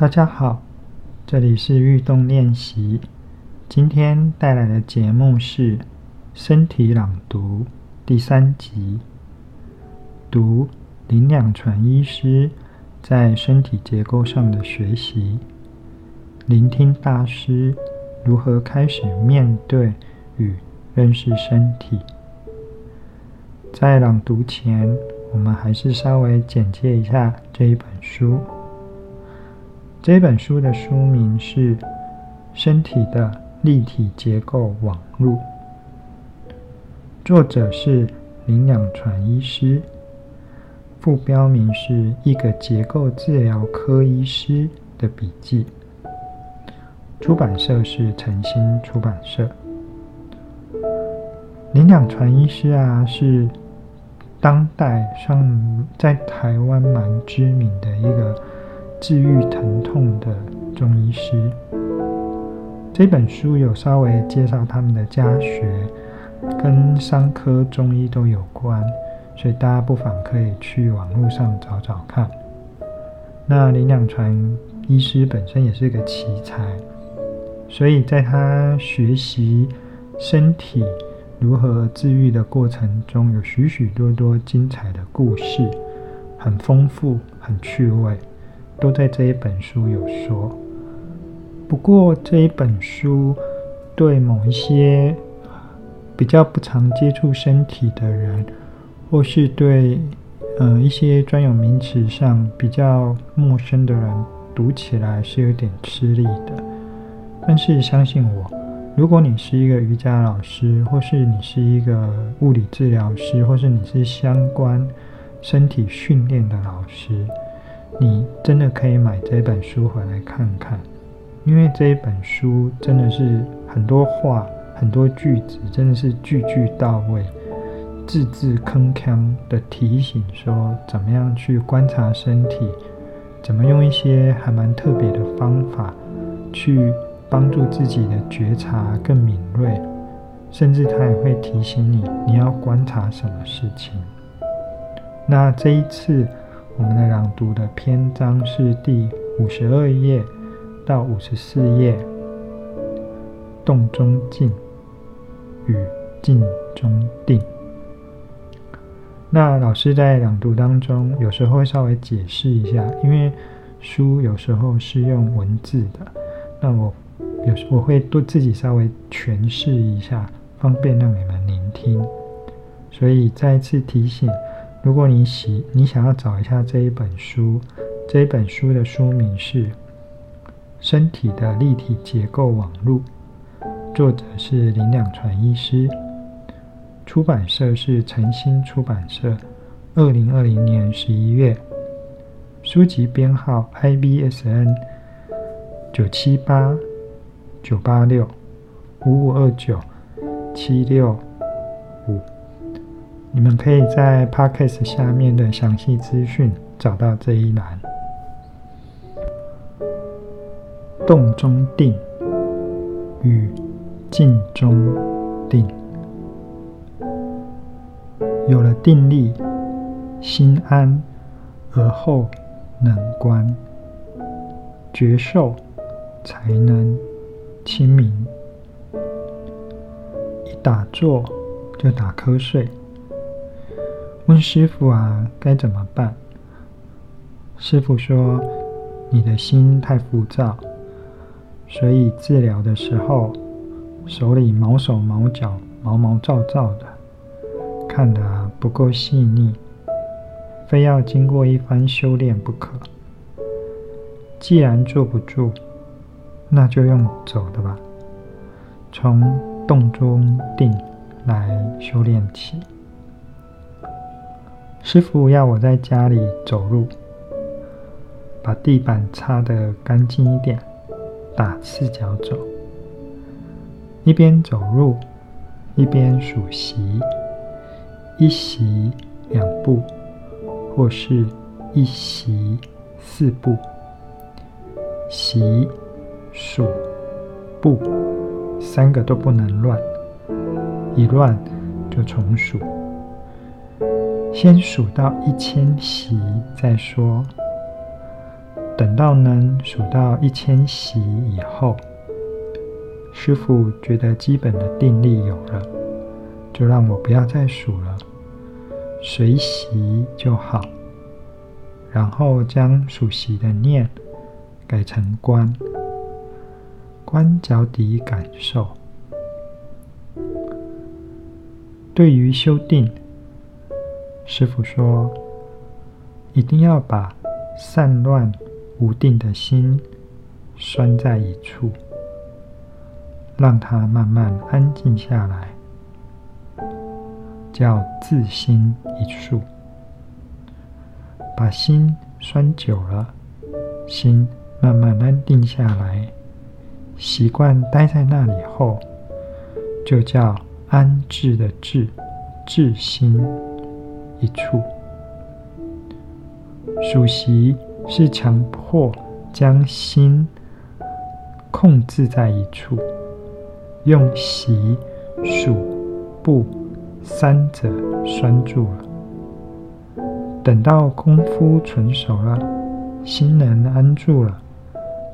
大家好，這裡是運動練習。今天帶來的節目是《身體朗讀》第三集，讀林兩傳醫師在身體結構上的學習，聆聽大師如何開始面對與認識身體。在朗讀前，我們還是稍微簡介一下這一本書。這本書的書名是《身體的立體結構網路》，作者是林兩傳醫師，副標明是一個結構治療科醫師的筆記。出版社是晨星出版社。林兩傳醫師啊，是當代上在台灣蠻知名的一個。治癒疼痛的中醫師，這本書有稍微介紹他們的家學，跟傷科中醫都有關，所以大家不妨可以去網絡上找找看。那林兩傳醫師本身也是一個奇才，所以在他學習身體如何治癒的過程中，有許許多多精彩的故事，很豐富，很趣味。都在這一本書有說，不過這一本書對某一些比較不常接觸身體的人，或是對呃一些專有名詞上比較陌生的人，讀起來是有點吃力的。但是相信我，如果你是一個瑜伽老師，或是你是一個物理治療師，或是你是相關身體訓練的老師，你真的可以買這本書回來看看，因為這一本書真的是很多話、很多句子，真的是句句到位，字字鏗鏘的提醒說，怎麼樣去觀察身體，怎麼用一些還蠻特別的方法去幫助自己的覺察更敏銳，甚至他也會提醒你，你要觀察什麼事情。那這一次。我們的朗讀的篇章是第五十二頁到五十四頁，動中靜與靜中定。那老師在朗讀當中，有時候會稍微解釋一下，因為書有時候是用文字的，那我有時我會多自己稍微詮釋一下，方便讓你們聆聽。所以再一次提醒。如果你喜你想要找一下這一本書，這一本書的書名是《身體的立體結構網路》，作者是林兩傳醫師，出版社是晨星出版社，二零二零年十一月，書籍編號 I B S N 九七八九八六五五二九七六五。你們可以在 Podcast 下面的詳細資訊找到這一欄。動中定與靜中定，有了定力，心安而後能觀覺受，才能清明。一打坐就打瞌睡。問師傅啊，該怎麼辦？師傅說：“你的心太浮躁，所以治療的時候手裡毛手毛腳、毛毛躁躁的，看得不夠細膩，非要經過一番修煉不可。既然坐不住，那就用走的吧，從動中定來修煉起。”師傅要我在家裡走路，把地板擦得乾淨一點，打赤腳走，一邊走路，一邊數席，一席兩步，或是一席四步，席數步，三個都不能亂，一亂就重數。先數到一千息再說。等到能數到一千息以後，師父覺得基本的定力有了，就讓我不要再數了，隨息就好。然後將數息的念改成觀，觀腳底感受。對於修定。師父說：“一定要把散亂無定的心拴在一處，讓它慢慢安靜下來，叫自心一處。把心拴久了，心慢慢安定下來，習慣待在那裡後，就叫安置的置，置心。”一處數息是強迫將心控制在一處，用息、數、布三者拴住了。等到功夫純熟了，心能安住了，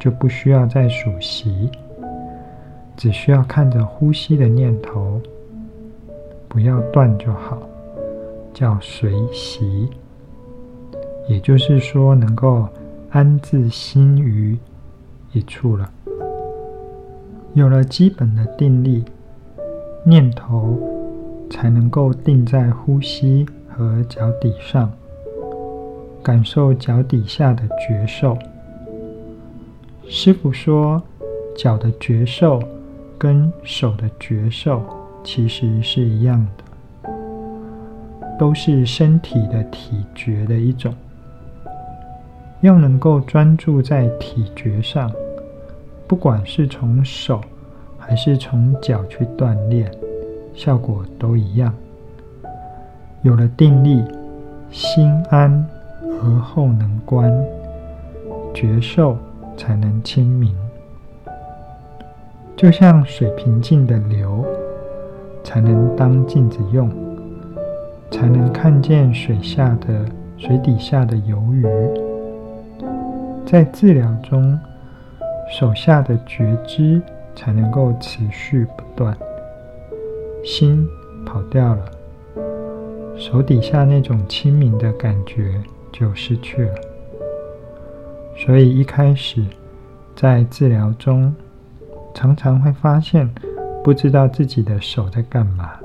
就不需要再數息，只需要看着呼吸的念頭，不要斷就好。叫隨息，也就是說，能夠安自心於一處了。有了基本的定力，念頭才能夠定在呼吸和腳底上，感受腳底下的覺受。師傅說，腳的覺受跟手的覺受其實是一樣的。都是身體的體覺的一種，要能夠專注在體覺上，不管是從手還是從腳去鍛鍊，效果都一樣。有了定力，心安而後能觀，覺受才能清明。就像水平靜的流，才能當鏡子用。才能看見水下的水底下的游魚。在治療中，手下的覺知才能夠持續不斷。心跑掉了，手底下那種清明的感覺就失去了。所以一開始在治療中，常常會發現不知道自己的手在幹嘛。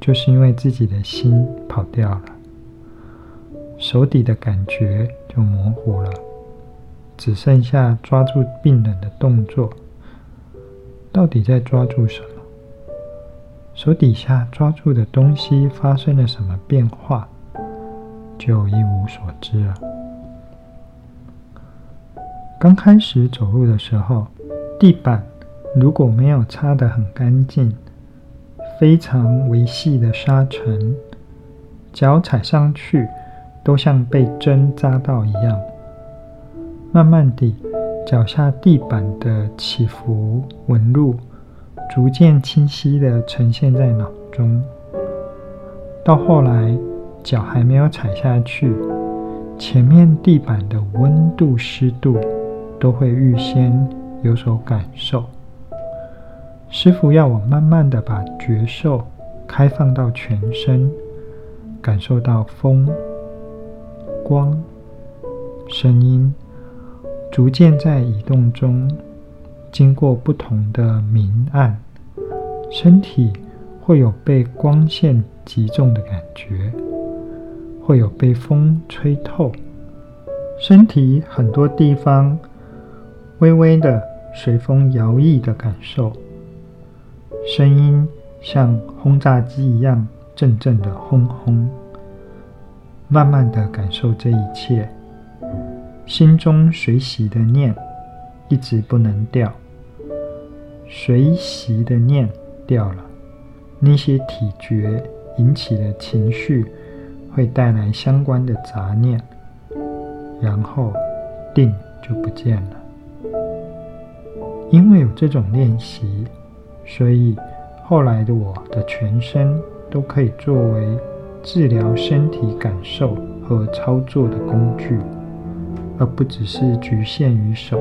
就是因為自己的心跑掉了，手底的感覺就模糊了，只剩下抓住病人的動作。到底在抓住什麼？手底下抓住的東西發生了什麼變化，就一無所知了。剛開始走路的時候，地板如果沒有擦得很乾淨。非常微細的沙塵，腳踩上去都像被針扎到一樣。慢慢地，腳下地板的起伏紋路逐漸清晰地呈現在腦中。到後來，腳還沒有踩下去，前面地板的溫度、濕度都會預先有所感受。師傅要我慢慢的把覺受開放到全身，感受到風、光、聲音，逐漸在移動中，經過不同的明暗，身體會有被光線擊中的感覺，會有被風吹透，身體很多地方微微的隨風搖曳的感受。聲音像轟炸機一樣陣陣的轟轟。慢慢的感受這一切，心中隨喜的念一直不能掉。隨喜的念掉了，那些體覺引起的情緒會帶來相關的雜念，然後定就不見了。因為有這種練習。所以，後來的我的全身都可以作為治療身體感受和操作的工具，而不只是局限於手。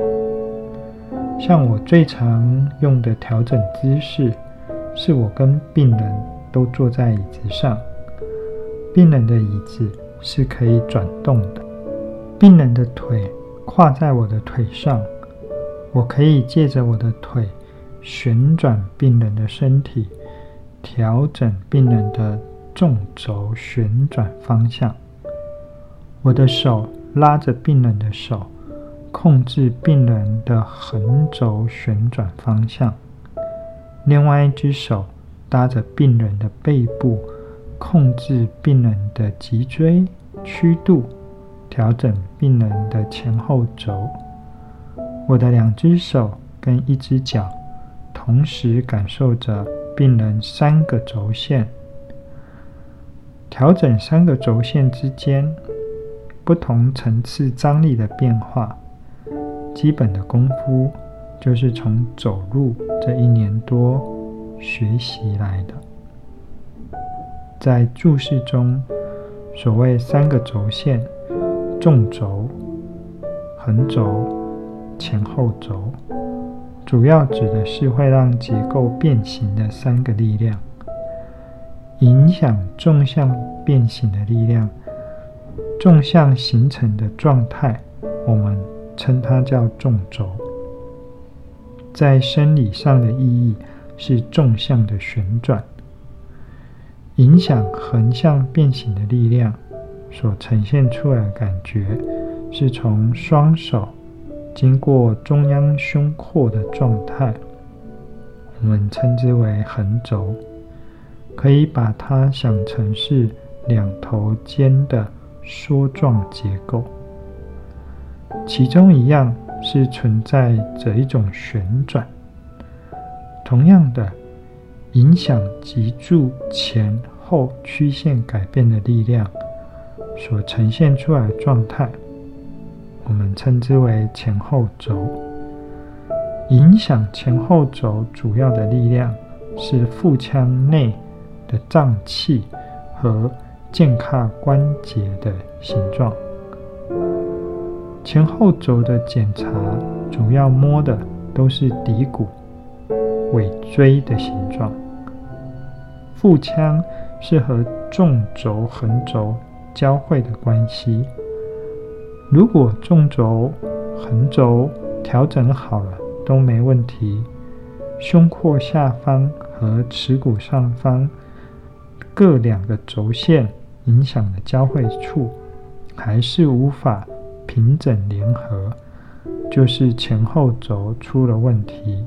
像我最常用的調整姿勢，是我跟病人都坐在椅子上，病人的椅子是可以轉動的，病人的腿跨在我的腿上，我可以借着我的腿。旋轉病人的身體，調整病人的縱軸旋轉方向。我的手拉着病人的手，控制病人的橫軸旋轉方向。另外一隻手搭着病人的背部，控制病人的脊椎曲度，調整病人的前後軸。我的兩隻手跟一隻腳。同時感受着病人三個軸線，調整三個軸線之間不同層次張力的變化。基本的功夫就是從走路這一年多學習來的。在注釋中，所謂三個軸線：縱軸、橫軸、前後軸。主要指的是會讓結構變形的三個力量。影響縱向變形的力量，縱向形成的狀態，我們稱它叫縱軸，在生理上的意義是縱向的旋轉。影響橫向變形的力量，所呈現出來的感覺是從雙手。經過中央胸廓的狀態，我們稱之為橫軸，可以把它想成是兩頭尖的梭狀結構。其中一樣是存在着一種旋轉。同樣的，影響脊柱前後曲線改變的力量，所呈現出來的狀態。我們稱之為前後軸，影響前後軸主要的力量是腹腔內的臟器和肩胯關節的形狀。前後軸的檢查主要摸的都是骶骨、尾椎的形狀。腹腔是和縱軸、橫軸交匯的關係。如果縱軸、橫軸調整好了都沒問題，胸廓下方和恥骨上方各兩個軸線影響的交匯處還是無法平整聯合，就是前後軸出了問題。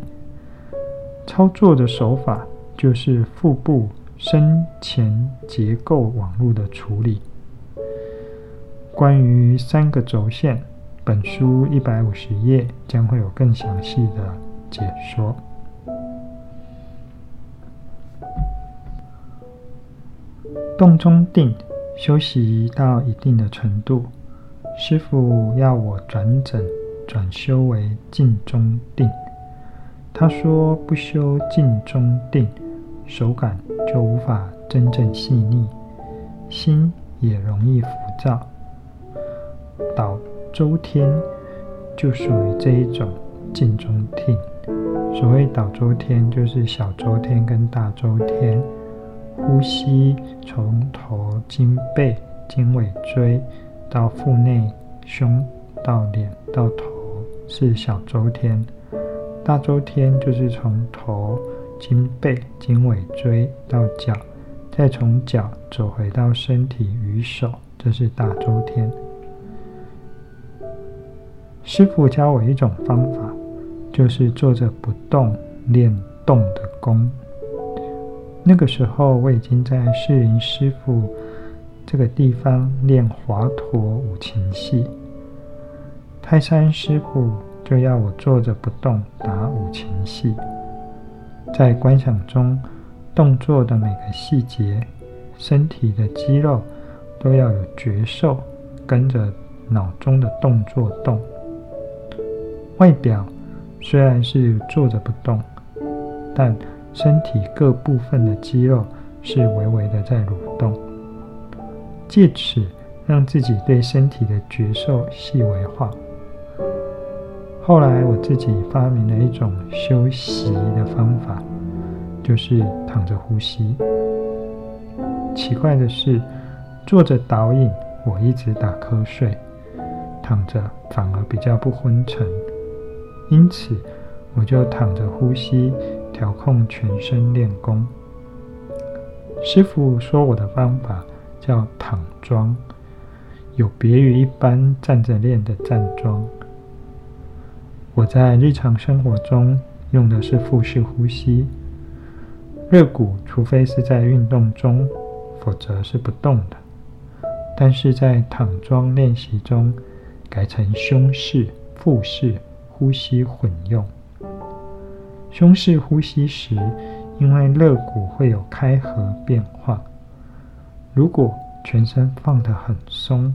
操作的手法就是腹部深前結構網絡的處理。關於三個軸線，本書一百五十頁將會有更詳細的解說。動中定，休息到一定的程度，師傅要我轉整，轉修為靜中定。他說，不修靜中定，手感就無法真正細膩，心也容易浮躁。倒周天就屬於這一種靜中定。所謂倒周天，就是小周天跟大周天。呼吸從頭經背經尾椎到腹內胸到臉到頭是小周天，大周天就是從頭經背經尾椎到腳，再從腳走回到身體與手，這、就是大周天。師父教我一種方法，就是坐着不動練動的功。那個時候我已經在釋雲師父這個地方練華佗五禽戲，泰山師父就要我坐着不動打五禽戲，在觀想中動作的每個細節，身體的肌肉都要有覺受跟着。腦中的動作動，外表雖然是坐着不動，但身體各部分的肌肉是微微的在蠕動，借此讓自己對身體的覺受細微化。後來我自己發明了一種休息的方法，就是躺着呼吸。奇怪的是，坐着導引，我一直打瞌睡。躺着反而比較不昏沉，因此我就躺着呼吸，調控全身練功。師傅說我的方法叫躺樁，有別於一般站着練的站樁。我在日常生活中用的是腹式呼吸，肋骨除非是在運動中，否則是不動的。但是在躺樁練習中，改成胸式、腹式呼吸混用。胸式呼吸時，因為肋骨會有開合變化，如果全身放得很鬆，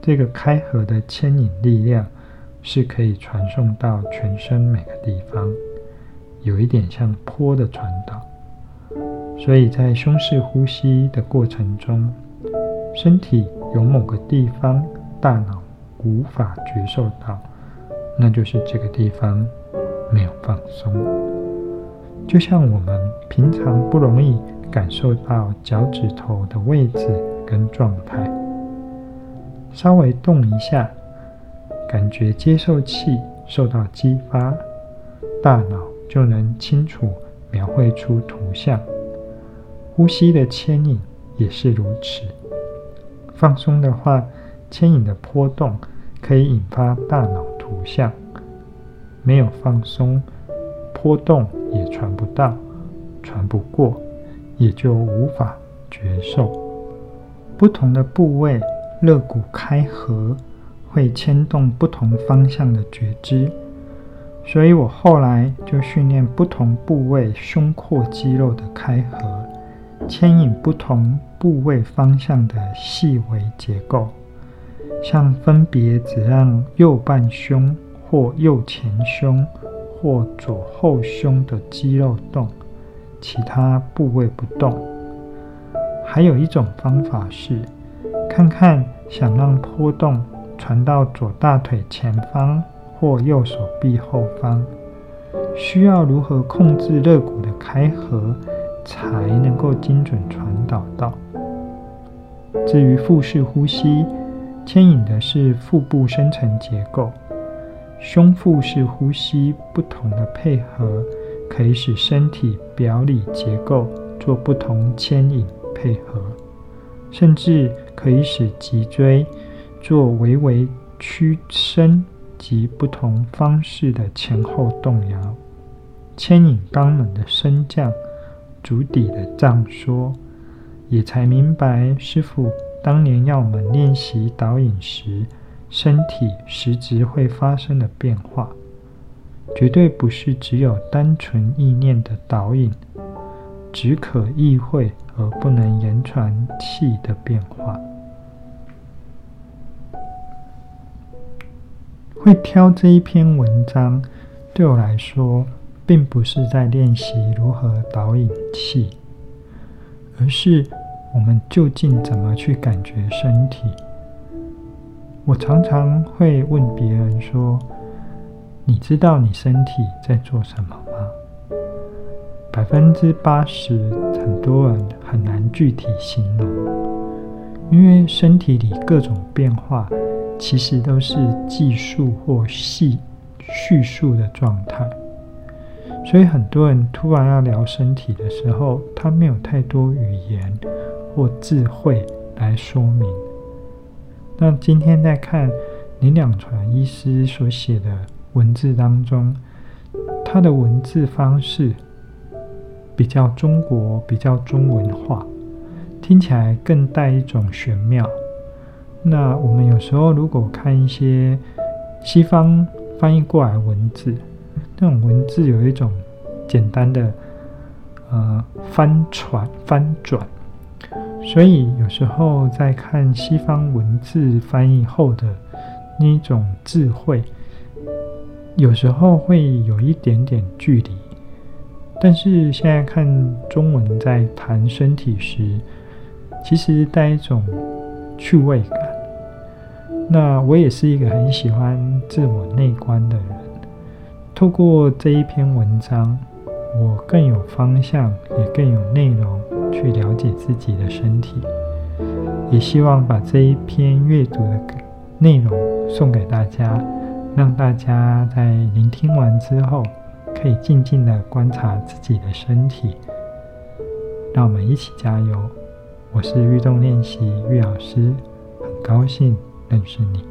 這個開合的牽引力量是可以傳送到全身每個地方，有一點像波的傳導。所以在胸式呼吸的過程中，身體有某個地方，大腦。無法覺受到，那就是這個地方沒有放鬆。就像我們平常不容易感受到腳趾頭的位置跟狀態，稍微動一下，感覺接受器受到激發，大腦就能清楚描繪出圖像。呼吸的牽引也是如此。放鬆的話，牽引的波動可以引發大腦圖像，沒有放鬆，波動也傳不到，傳不過，也就無法覺受。不同的部位肋骨開合會牽動不同方向的覺知，所以我後來就訓練不同部位胸廓肌肉的開合，牽引不同部位方向的細微結構。像分別只讓右半胸或右前胸或左後胸的肌肉動，其他部位不動。還有一種方法是，看看想讓波動傳到左大腿前方或右手臂後方，需要如何控制肋骨的開合才能夠精準傳導到。至於腹式呼吸。牽引的是腹部深層結構，胸腹式呼吸不同的配合，可以使身體表裡結構做不同牽引配合，甚至可以使脊椎做微微屈伸及不同方式的前後動搖，牽引肛門的升降，足底的脹縮，也才明白師傅。當年要我們練習導引時，身體實質會發生的變化，絕對不是只有單純意念的導引，只可意會而不能言傳氣的變化。會挑這一篇文章，對我來說，並不是在練習如何導引氣，而是。我們究竟怎麼去感覺身體？我常常會問別人說：“你知道你身體在做什麼嗎？”百分之八十，很多人很難具體形容，因為身體裡各種變化其實都是計數或細敘述的狀態。所以很多人突然要聊身體的時候，他沒有太多語言或智慧來說明。那今天在看林兩傳醫師所寫的文字當中，他的文字方式比較中國，比較中文化，聽起來更帶一種玄妙。那我們有時候如果看一些西方翻譯過來的文字，這種文字有一種簡單的呃翻轉翻轉，所以有時候在看西方文字翻譯後的那種智慧，有時候會有一點點距離。但是現在看中文在談身體時，其實帶一種趣味感。那我也是一個很喜歡自我內觀的人。透過這一篇文章，我更有方向，也更有內容去了解自己的身體。也希望把這一篇閱讀的內容送給大家，讓大家在聆聽完之後，可以靜靜的觀察自己的身體。讓我們一起加油！我是運動練習玉老師，很高興認識你。